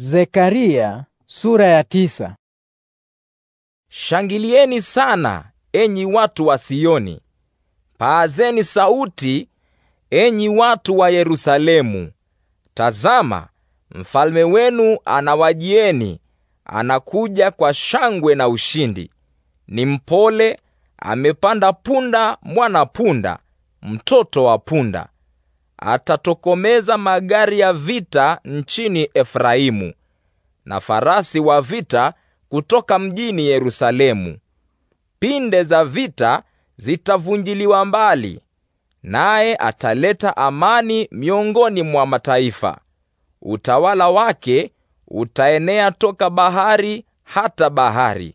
Zekaria sura ya tisa. Shangilieni sana enyi watu wa Sioni, paazeni sauti enyi watu wa Yerusalemu. Tazama, mfalme wenu anawajieni, anakuja kwa shangwe na ushindi. Ni mpole, amepanda punda, mwana punda, mtoto wa punda atatokomeza magari ya vita nchini Efraimu na farasi wa vita kutoka mjini Yerusalemu. Pinde za vita zitavunjiliwa mbali, naye ataleta amani miongoni mwa mataifa. Utawala wake utaenea toka bahari hata bahari,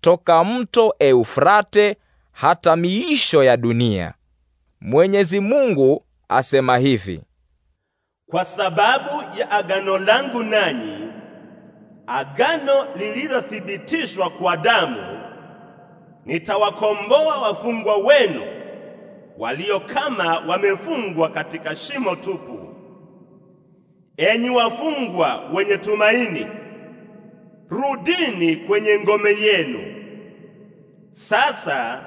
toka mto Eufrate hata miisho ya dunia. Mwenyezi Mungu asema hivi: kwa sababu ya agano langu nanyi, agano lililothibitishwa kwa damu, nitawakomboa wafungwa wenu walio kama wamefungwa katika shimo tupu. Enyi wafungwa wenye tumaini, rudini kwenye ngome yenu. Sasa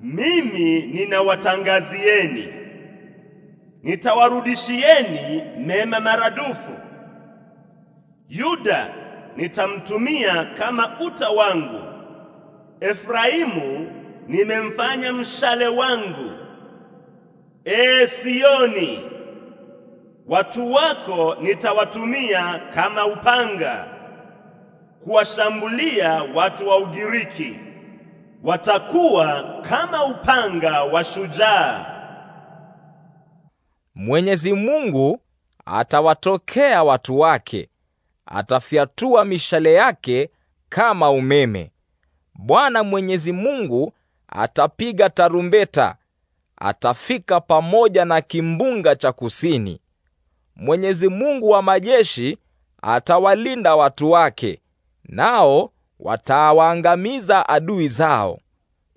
mimi ninawatangazieni nitawarudishieni mema maradufu. Yuda nitamtumia kama uta wangu, Efraimu nimemfanya mshale wangu. E Sioni, watu wako nitawatumia kama upanga kuwashambulia watu wa Ugiriki, watakuwa kama upanga wa shujaa. Mwenyezi Mungu atawatokea watu wake, atafyatua mishale yake kama umeme. Bwana Mwenyezi Mungu atapiga tarumbeta, atafika pamoja na kimbunga cha kusini. Mwenyezi Mungu wa majeshi atawalinda watu wake, nao watawaangamiza adui zao.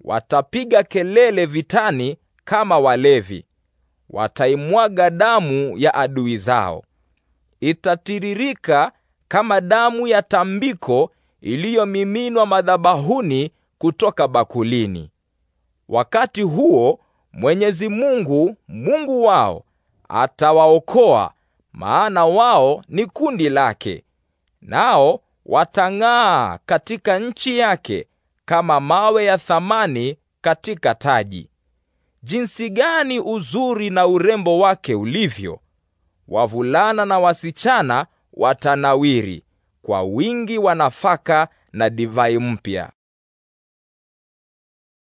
Watapiga kelele vitani kama walevi, wataimwaga damu ya adui zao. Itatiririka kama damu ya tambiko iliyomiminwa madhabahuni kutoka bakulini. Wakati huo Mwenyezi Mungu, Mungu wao, atawaokoa, maana wao ni kundi lake, nao watang'aa katika nchi yake kama mawe ya thamani katika taji jinsi gani uzuri na urembo wake ulivyo! Wavulana na wasichana watanawiri kwa wingi wa nafaka na divai mpya.